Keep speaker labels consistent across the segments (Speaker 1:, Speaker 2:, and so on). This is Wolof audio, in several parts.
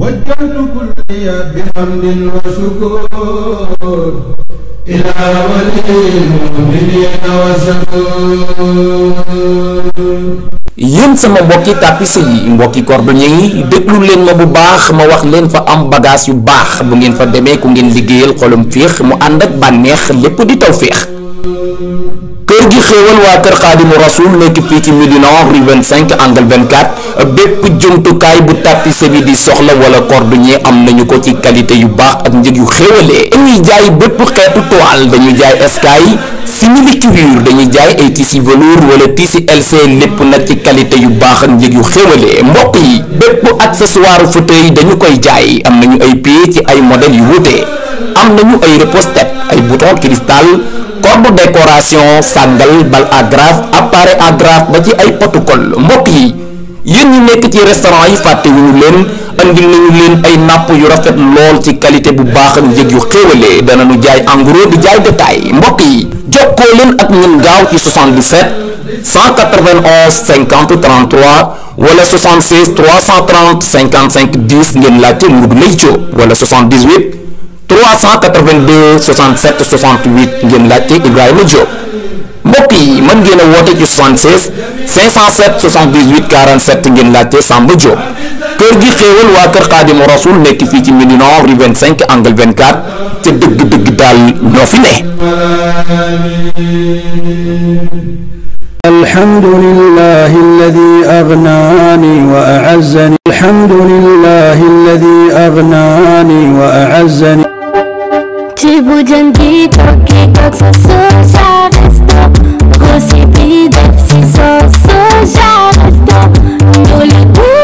Speaker 1: وجهت كلي بحمد وشكر إلى ولي المؤمنين وشكور yéen sama mbokki tapissier yi mbokki cordonnier yi déglu leen ma bu baax ma wax leen fa am bagage yu baax bu ngeen fa demee ku ngeen liggéeyal xolum féex mu ànd ak bànneex lépp di taw féex kër gi xéewal waa kër xaadimu rasul nekk fii ci Médina rue 25 angle 24 bépp jumtukaay bu tapisse bi di soxla wala cordonnier am nañu ko ci qualité yu baax ak njëg yu xéewalee dañuy jaay bépp xeetu toile dañuy jaay eskay simili cuir dañuy jaay ay tissu velours wala tissu LC lépp nag ci qualité yu baax ak njëg yu xéewalee mbokk yi bépp accessoire fauteuil dañu koy jaay am nañu ay pieds ci ay modèles yu wuute am nañu ay repose ay bouton cristal forme décoration sàngal bal agrafe appareil agrafe ba ci ay protocole mbokk yi yéen ñi nekk ci restaurant yi fàttewuñu leen andil nañu leen ay napp yu rafet lool ci qualité bu baax ak njëg yu xéwalee ñu jaay en di jaay détail mbokk yi jokkoo leen ak ñun gaaw ci 77 191 50 33 wala 76 330 55 10 ngeen laajte Mourou Lay Diop wala 78. 382 67 68 ngeen laajte Ibrahima Diop mbokk yi mën ngeen a woote ci 76 507 78 47 ngeen laajte Samba Diop kër gi xéewal waa kër Xaadimu Rasul nekk fii ci Médina rue 25 angle 24 ca dëgg-dëgg daal ñoo fi ne. الحمد لله الذي أغناني وأعزني الحمد لله الذي أغناني وأعزني budzę gitoki, koksa susia resto Głosi bidę, psi sosu, żaresto Nuli budzę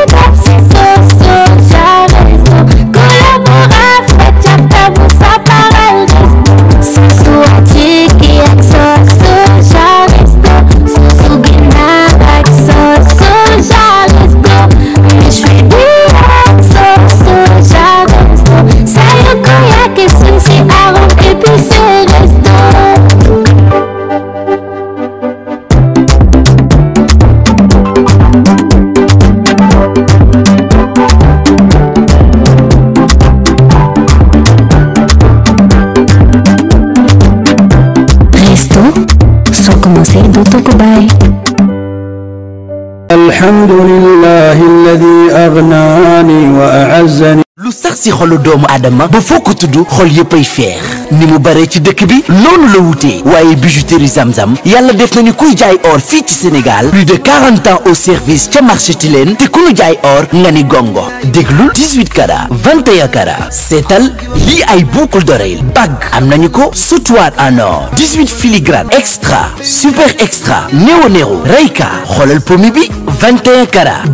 Speaker 1: lu sax si xolu doomu aadama ba foo ko tudd xol yëppay feex ni mu bare ci dëkk bi loolu la wutee waaye bijouterie zamzam yàlla def na ni kuy jaay or fii ci Sénégal plus de 40 ans au service ca marché Tilène te ku nu jaay or nga ni gongo déglul 18 carats 21 seetal lii ay boucle d'oreille bag am nañu ko sautoir en or 18 filigrane extra super extra néo néo reyka xoolal pomi bi 21 carats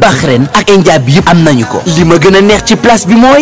Speaker 1: ak India bi yëpp am nañu ko li ma gën a neex ci place bi mooy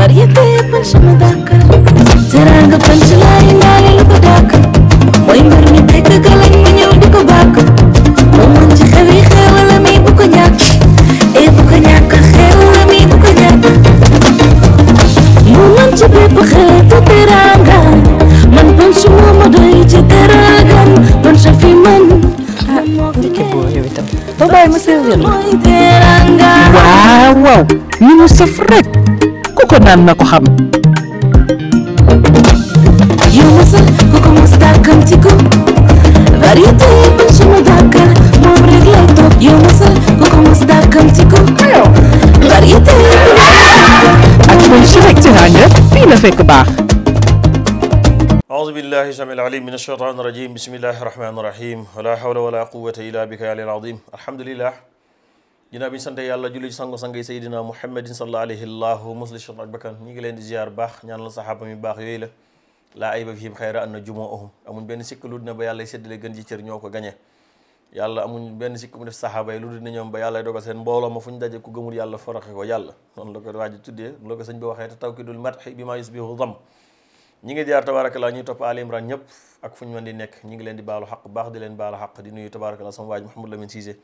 Speaker 1: మరియతే పంచమ దాకా జరాంగ పంచలాయి నాలుగు దాకా మొయ్ మరిని తెక్క గలంగి న్యూడుకు బాకు మొమ్మంచి కవి కేవల మీ బుకు న్యాక ఏ బుకు న్యాక కేవల మీ బుకు న్యాక మొమ్మంచి బేపు ఖేతు తెరాంగ من بنش ماما ضيجي تراغن بنش في من Bye bye, Mr. Wow, wow. You must have wrecked. ko naan na ko xam. ak mooy si rek ci naan rek fii la fekk baax.
Speaker 2: أعوذ بالله السميع العليم من الشيطان الرجيم بسم الله الرحمن الرحيم ولا حول ولا قوة إلا بك العلي العظيم الحمد لله ginnaaw bi ñu sante yàlla julli sango-sang yi saydina muhammadin sallallahu leen di ziar baax ñaanal saxaaba mi baax yooyu la laa ay ba fiim xayra an na jumoo ahum amuñ benn sikk lu dina ba yàlla séddale gën ji cër ma fu ñu yàlla foroxe ko yàlla noonu la ko waaji ngi jaar tabaarakallaa ñuy topp Ali Imran ñëpp ak ñu ngi leen di baalu baax di leen baalu xaq di sama waaji Mouhamadou Lamine Cissé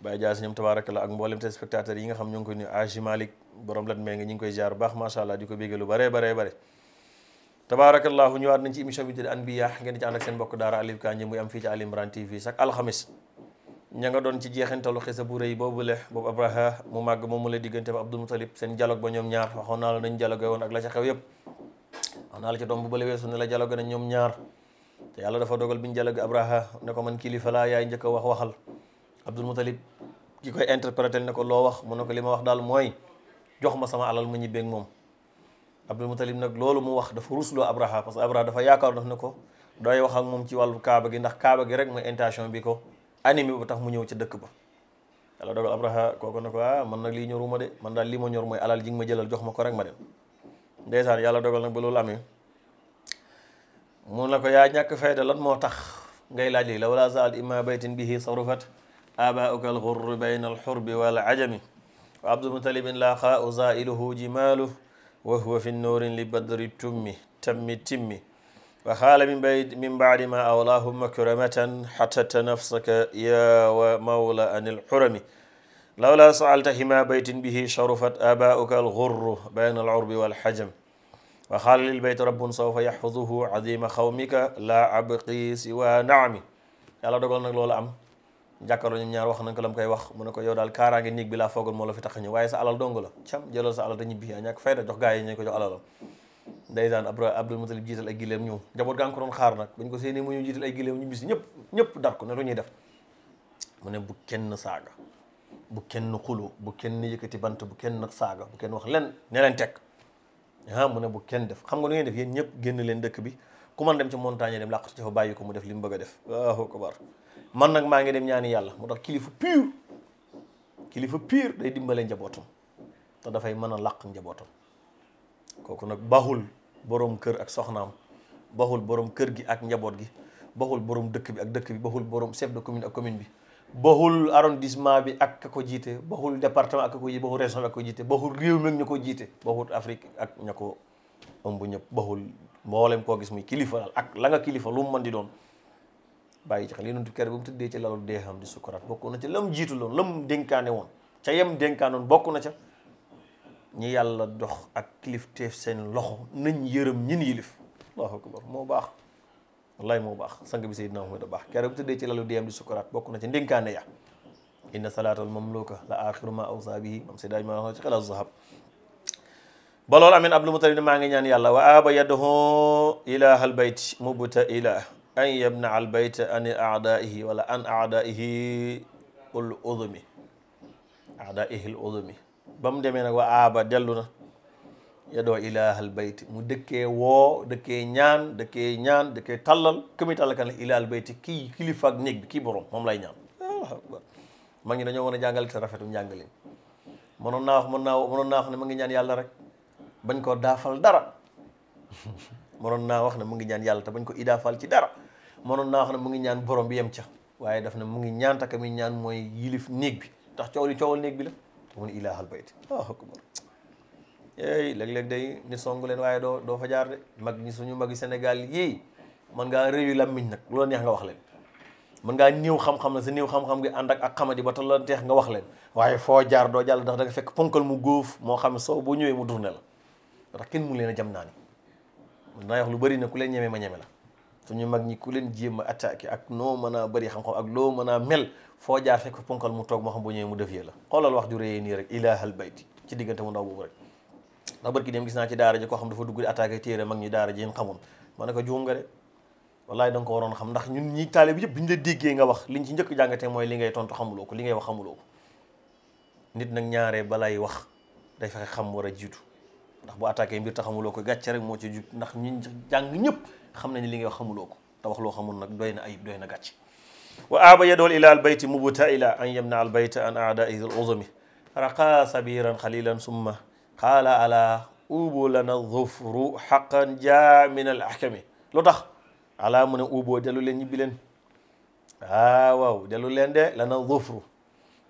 Speaker 2: Baye Dias ñoom tabaaraka la ak mboolem téléspectateurs yi nga xam ñu ngi koy nuyu Aji Malick borom lan mee nga ñu ngi koy jaar baax macha allah di ko béggee lu bare bare bare tabaarakallaahu ñëwaat nañ ci émission bi tudd Anbiya ngeen di ci ak seen mbokk daara Alif Kandji muy am fii ci Ali Imran TV chaque alxamis ña nga doon ci jeexintalu xisa bu rëy boobu le boobu Abraha mu màgg moom mu la diggante ba Abdul Mutalib seen dialogue ba ñoom ñaar waxoon naa la nañ dialogue woon ak la ca a Abdul Muttalib ki koy interpréter ne ko loo wax mu ne ko li ma wax daal mooy jox ma sama alal ma ñibbeeg moom Abdul Muttalib nag loolu mu wax dafa rusloo Abraha parce que Abraha dafa yaakaar daf ne ko dooy wax moom ci wàllu kaaba gi ndax kaaba gi rek mooy intention bi ko animé ba tax mu ñëw ci dëkk ba yàlla dogal Abraha kooku ne ko ah man nag lii ñoruma de man daal lii ma ñor mooy alal ji nga ma jëlal jox ma ko rek ma dem ndeysaan yàlla dogal nag ba loolu amee mu ne ko yaa ñàkk fayda lan moo tax ngay laaj lii la wala zaal imma baytin bihi sarufat آباؤك الغر بين الحرب والعجم وعبد المطلب لاقاء زائله جماله وهو في النور لبدر التم تم التم وخال من, من بعد ما أولاه مكرمة حتت نفسك يا ومولى عن الحرم لولا سألت حما بيت به شرفت آباؤك الغر بين العرب والحجم وخال للبيت رب سوف يحفظه عظيم خومك لا أبقي سوى نعمي yàlla dogal nag loolu am jàkkaarloo ñoom ñaar wax nañ ko mu koy wax mu ne ko yow daal kaaraange néeg bi laa foogoon moo la fi tax a ñëw waaye sa alal dong la cam jëlal sa alal te ñibbi yaa ñàkk fayda jox gaa yi ñu ko jox alalam ndeysaan après Abdul Mutalib jiital ay gileem ñëw njaboot gaa ngi dar ko ne lu ñuy def mu ne bu kenn saaga bu kenn xulo bu kenn yëkkati bant bu kenn saaga bu kenn wax len ne leen teg ah mu ne bu kenn def xam nga lu ngeen def yéen ñëpp génn leen dëkk bi ku man dem ci montagne dem làqatu ci fa bàyyi ko bëgg a def waaw man nag maa ngi dem ñaani yàlla moo tax kilifa pur kilifa pur day dimbale njabootam te dafay mën a làq njabootam kooku nag baaxul borom kër ak soxnaam baaxul borom kër gi ak njaboot gi baaxul borom dëkk bi ak dëkk bi baaxul borom chef de commune ak commune bi baaxul arrondissement bi ak ka ko jiite baaxul département ak ko jiite baaxul ak ko jiite baaxul réew mi ak ña ko jiite baaxul Afrique ak ña ko ëmb ñëpp baaxul mboolem koo gis muy kilifa ak la nga kilifa lu mën di doon. bàyyi ci xel yonentu kere bu mu tëddee ci lalu deexam di sukkuraat bokk na ca lam jiitu loon lam denkaane woon ca yam dénkaanoon bokk na ca ñi yàlla dox ak kilifteef seen loxo nañ yërëm ñin yilif allahu akbar moo baax wallahi moo baax sang bi sayyidina Muhammad a baax kere bu tëddee ci lalu deexam di sukkuraat bokk na ca dénkaane ya inna salaatal mamluka la axiru ma mam saydaaj ma ci xelal zahab ba loolu amin abdul mutalib ne maa ngi ñaan yàlla wa aba yadahu ilahal bayt mubta an yabna al bayta an aadaihi wala an aadaihi ul udumi aadaihi l ba mu demee nag wa aaba dellu na yadoo ilaahal bayti mu dëkkee woo dëkkee ñaan dëkkee ñaan dëkkee tallal këmi tallal kan ilaahal bayti kii kilifa ak néeg bi kii borom moom lay ñaan mag ñi dañoo mën a jàngale te rafetum njàngalin mënoon naa wax mën naa mënoon naa wax ne ma ngi ñaan yàlla rek bañ koo daafal dara mënoon naa wax ne mu ngi ñaan yàlla te bañ ko idaafaal ci dara mënoon naa wax ne mu ngi ñaan borom bi yem ca waaye daf na mu ngi ñaan taka mi ñaan mooy yilif néeg bi ndax coow li coowal néeg bi la mu ne ilaahal bayt allahu akbar ey léeg-léeg day ni leen waaye doo doo fa jaar mag ñi suñu magi Sénégal yii mën ngaa réew yi nag loola neex nga wax leen mën ngaa néew xam na sa néew xam gi ànd ak ak xamadi ba la teex nga wax leen waaye foo jaar doo jàll ndax da fekk ponkal mu góof moo xam soo boo ñëwee mu durne la ndax kenn mu leen a jam naa danaa wax lu bari ne ku leen ñeme ma ñeme la suñu mag ñi ku leen jéem a attaqué ak noo mën a bëri xam-xam ak loo mën a mel foo jaar fekk ponkal mu toog moo xam bu ñëwee mu def yee la xoolal wax ju réyee nii rek ilahal bayti ci diggante mu ndaw boobu rek ndax bërki dem gis naa ci daara ji koo xam dafa dugg di attaqué téere mag ñi daara ji yéen xamoon ma ne ko juum nga de wallaay danga ko waroon xam ndax ñun ñi taale yëpp bi ñu la déggee nga wax liñ ci njëkk jàngatee mooy li ngay tontu xamuloo ko li nit nag ñaaree balay wax day fexe xam war a jiitu ndax bu attaqué mbir te ko gàcce rek moo ci jub ndax ñun jàng ñëpp xam nañ li ngay wax xamuloo ko te loo xamul nag doy na ayib doy na gàcce wa aaba yadool ila albayte mubtaila an yamna albayta an aadaihi l uzumi raqa sabiran xalilan summa qaala ala ubu lana zufru xaqan jaa min al lu tax ala mu ne uuboo dellu leen ñibbi leen waaw waaw leen de lana zufru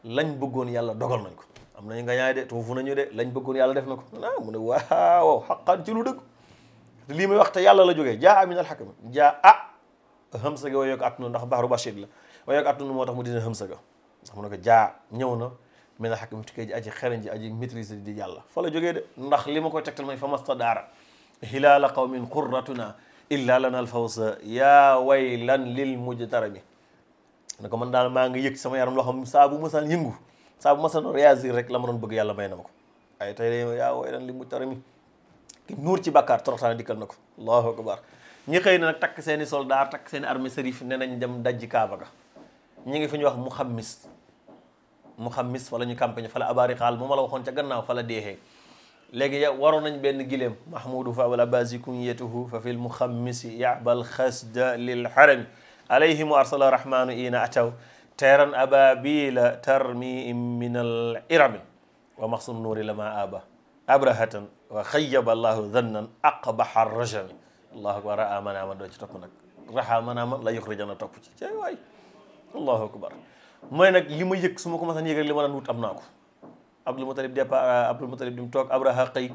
Speaker 2: lañ bëggoon yàlla dogal nañ ko am nañu nga ñaay de tuufu nañu de lañ bëggoon yàlla def na ko ah mu ne waaw xaqaan ci lu lii may wax te yàlla la jógee jaa min alxakam jaa a ah, hamsa ga way yokk attunu ndax baxru bashid la way yokk attunu moo tax dina hamsa ga ndax mu ne jaa ñëw na min alxakam tukkee ji aji xereñ aj aji di yàlla fo la jógee de ndax li ma koy tegtal mooy fa masta daara hilaala qawmin qurratuna illa lana sa yaa way lan lil mujtarami ne ko man daal maa ngi yëg sama yaram loo xam saa bu mësaan yëngu saa bu ma sano rek la ma bëgg yàlla may na ma ko ay tey yaa way li mu tara mi ki nuur ci bàkkaar toroxtaane dikkal na ko allahu akbar ñi xëy na takk seeni soldat takk seeni armée sérif ne nañ dem dajji kaaba ga ñi ngi fi ñu wax muxammis muxammis wala ñu campagne fala abari xaal moom la waxoon ca gannaaw fala deexee léegi yow waroon nañ benn gileem mahmoudu fa wala basi kunyatuhu fa fi lmuxammisi yabal xasda lil xarami alayhimu arsala rahmanu ina ataw teeran ababila tarmiim min al irami wa maxsum nuuri lama aba abrahatan wa xayyaba allahu zannan aqbaha rajami allahu akbar a manama doo ci topp nag raxa manama la yuxrijana topp ci cey waay allahu akbar mooy nag li ma yëg su ma ko masaan yëg rek li ma daan wut am naa ko abdul mutalib départ abdul mutalib bi mu toog abraha xëy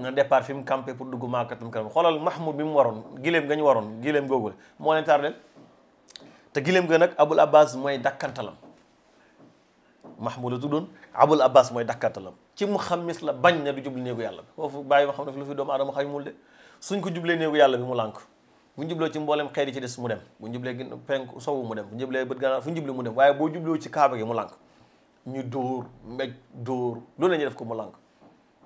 Speaker 2: na départ fi mu campé pour dugg maakatam kanam xoolal mahmoud bi mu waroon gileem nga ñu waroon gileem googu moo leen te gileem ga nag abul abbas mooy dakkantalam mahmuda tuddoon abul abbas mooy dakkantalam ci mu xamis la bañ ne du jubli néegu yàlla bi foofu bàyyi ma xam ne fi lu fi doomu aadama xajmul de suñ ko jublee néegu yàlla bi mu lànk bu ñu ci mboolem xeet yi ci des mu dem bu ñu jublee penk sowu mu dem bu ñu jublee bët gànnaar fu ñu mu dem waaye boo jubloo ci kaaba gi mu lànk ñu dóor mbéj dóor loolu la ñuy def ko mu lànk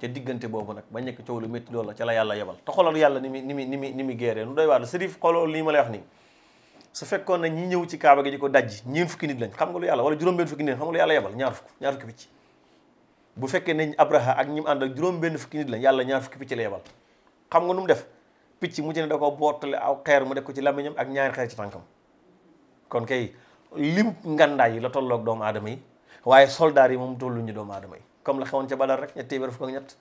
Speaker 2: ca diggante boobu nag ba nekk coow lu métti loolu la ca la yàlla yebal te xoolal yàlla ni mi ni ni mi ni mi lii ma lay wax nii su fekkoon na ñi ñëw ci kaaba gi di ko dajji ñeen fukki nit lañ xam nga lu yàlla wala juróom-benn fukki nit xam nga lu yàlla yebal ñaar fukk ñaar fukki picc bu fekkee ne abraha ak ñi ànd ak juróom-benn fukki lañ yàlla ñaar fukki picc la yebal xam nga nu mu def picc mu ci ne da ko bootale aw xeer mu def ko ci lamiñam ak ñaari xeer ci tànkam kon kay lim ngandaay yi la tolloog doomu aadama yi waaye soldaar yi moom ñu doomu aadama yi comme la xewoon ca Badar rek ñett téeméer fukk ak ñett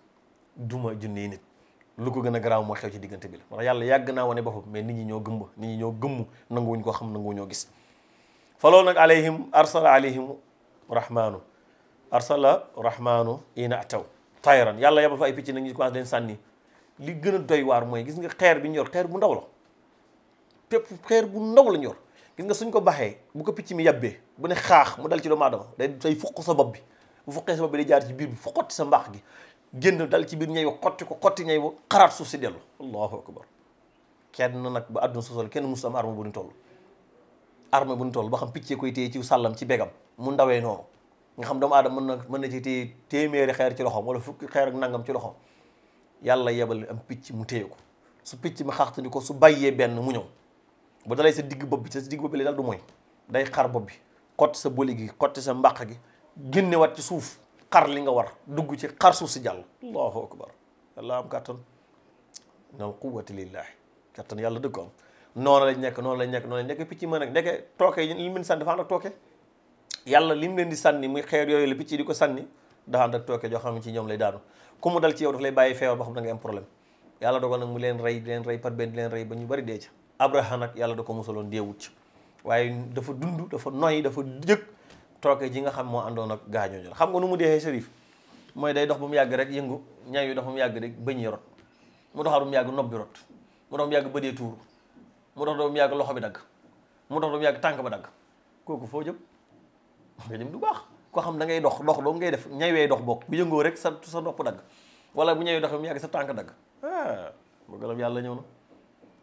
Speaker 2: duma junni nit lu ko gën a garaaw moo xew ci diggante bi la wax yàlla yàgg naa wane boppam mais nit ñi ñoo gëmb nit ñi ñoo gëmm nanguwuñ ko xam nanguwu ñoo gis fa loolu nag alayhim arsala alayhim rahmaanu arsala rahmaanu ina ataw tayran yàlla yabal fa ay picc nag ñu commencé leen sànni li gën a doy waar mooy gis nga xeer bi ñor xeer bu ndaw la pépp xeer bu ndaw la ñu yor gis nga suñ ko baxee bu ko picc mi yàbbee bu ne xaax mu dal ci doomu aadama day say fuq sa bopp bi bu fuqee ci biir bi sa mbaax gi génn dal ci biir ñey wa xotti ko xotti ñey wa xaraat suuf si dellu allahu akbar kenn nag ba àdduna sosal kenn musul am arme bu ñu toll arme bu ñu toll ba xam piccee koy téye ci sàllam ci begam mu ndawee noonu nga xam doomu aadama mën na mën na ci téye téeméeri xeer ci loxoom wala fukki xeer ak nangam ci loxoom yàlla yebal am picc mu téye ko su picc ma xaxtandi ko su bàyyee benn mu ñëw bu dalay sa digg bopp bi sa digg bopp bi lay dal du mooy day xar bopp bi xotti sa boli gi xotti sa mbàq gi génnewaat ci suuf xar li nga war dugg ci xar suuf si jàll allahu akbar yàlla am kàttan nal quwati lillahi kàttan yàlla dëgg ko am noonu lañ nekk noonu lañ nekk noonu lañ nekk picc mën nag ndeke tooke li mu leen sànni dafa ànd ak tooke yàlla li mu leen di sànni muy xeer yooyu la picc di ko sànni dafa ànd ak tooke joo xam ne ci ñoom lay daanu ku mu dal ci yow daf lay bàyyi feebar ba xam da nga am problème yàlla dogal nag mu leen rey di leen rey par benn di leen rey ba ñu bari dee ca abraha nag yàlla da ko musaloon deewut ci waaye dafa dund dafa noy dafa jëkk tooke ji nga xam moo àndoon ak gaañooñu xam nga nu mu deexee sërif mooy day dox ba mu yàgg rek yëngu ñaw yi dox mu yàgg rek bëñ yi mu doxaat ba mu yàgg nopp bi rot ba mu yàgg bëdee tuur yàgg loxo bi dagg mu dox ba mu yàgg ba dagg kooku foo jëm nga jëm du baax koo xam da ngay dox dox doo ngay def ñawee dox bokk bu yëngoo rek sa sa nopp dagg wala bu ñawee dox ba mu yàgg sa tànk dagg ah bëggalam yàlla ñëw na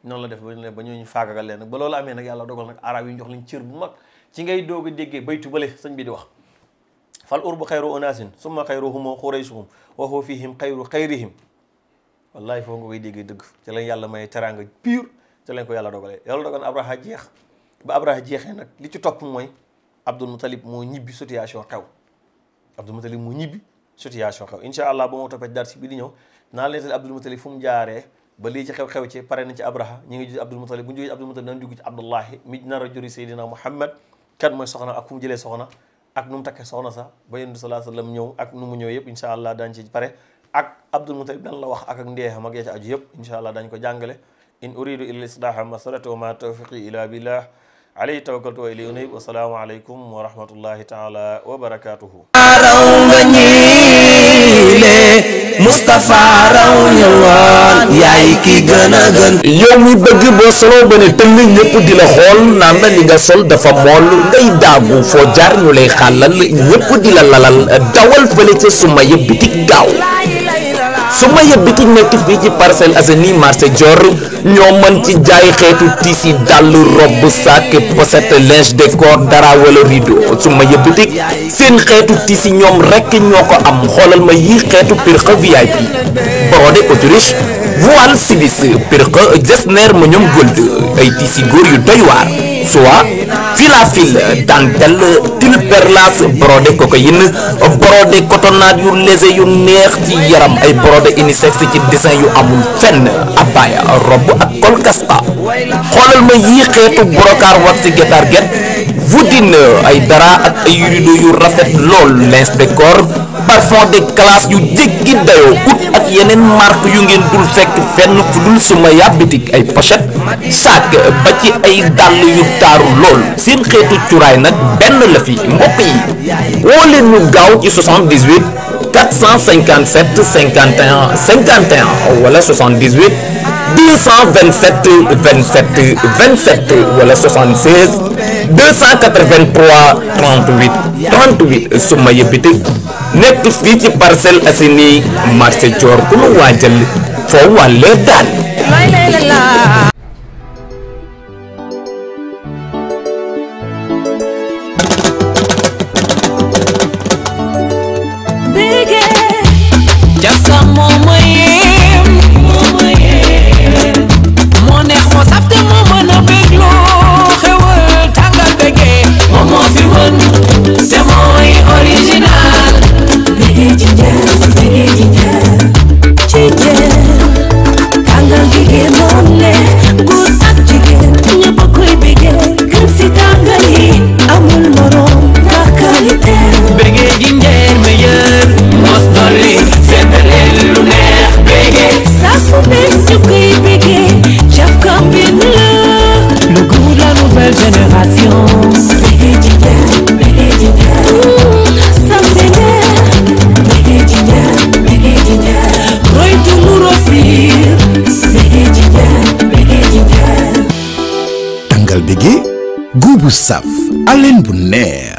Speaker 2: noonu la def ba ñooñu faagagal leen nag ba loolu amee nag yàlla dogal nag arab yi ñu jox leen cër bu mag ci ngay doog a déggee baytu bële sañ bi di wax fal urbu xayru unasin summa xayruhum xuraysuhum wa huwa fihim xayru xayrihim wallahi foofu nga koy déggee dëgg ci lañ yàlla may teraanga pure ci lañ ko yàlla dogalee yàlla dogal abraha jeex ba abraha jeexee nag li ci topp mooy abdul mutalib moo ñibbi situation xew abdul mutalib moo ñibbi situation xew incha allah ba moo toppee dar si bi di ñëw naa leen tali abdul mutalib fu mu jaaree ba lii ci xew-xew ci pare nañ ci abraha ñu a juri kan mooy soxna ak fu mu jëlee soxna ak nu mu soxna sax ba yonent bi sallallahu alayhi wasallam mu ñëw yëpp incha allah daañu ci pare ak Abdul Mutalib dan la wax ak ak ndeexam ak yaa aju yëpp incha allah daañu ko jàngale in uridu illa islaaha ma saratu wa ma tawfiqi ila billah alayhi tawakkaltu wa ilayhi unib wasalaamu aleykum wa rahmatullahi taala wa barakatuhu Moustapha
Speaker 1: raw ñëwaat yaay ki gën a gën. yow mi bëgg boo solo ba ne tëng ñëpp di la xool naan nga sol dafa mool ngay daagu foo jaar ñu lay xàllal ñëpp di la lalal dawal fële ca suma yëpp bitik gaaw. su ma yëpp bitig nekk fii ci Parcelles Assainies marché Dior ñoo mën ci jaay xeetu tissu dàll robe sac pochette linge de corps dara wala rideau su ma yëpp bitig seen xeetu tissu ñoom rekk ñoo ko am xoolal ma yii xeetu pirque VIP brodé autriche voile silis pirque jesner ma ñoom gold ay tissu góor yu doy waar soit fil dentelle til perlas brodé cocaïne brodé cotonnade yu léger yu neex ci yaram ay borode unisex ci dessin yu amul fenn abaya rob ak kolkasta xoolal ma yii xeetu wax ci getar get voudine ay dara ak ay rideau yu rafet lool linge de corps parfum de classe yu jéggi dayoo ut ak yeneen marque yu ngeen dul fekk fenn fu suma yàbb bitik ay pochette sac ba ci ay dàll yu taaru lool seen xeetu cuuraay nag benn la fi mbokk yi woo leen ñu gaaw ci 78 457 51 51 wala 78 227 27 27 wala 76 283 38 38 su ma yëbbite nekk fii ci Parcelles Assainies marché Dior ku lu waajal foo wàllee daal.
Speaker 2: bu saf alen bu neex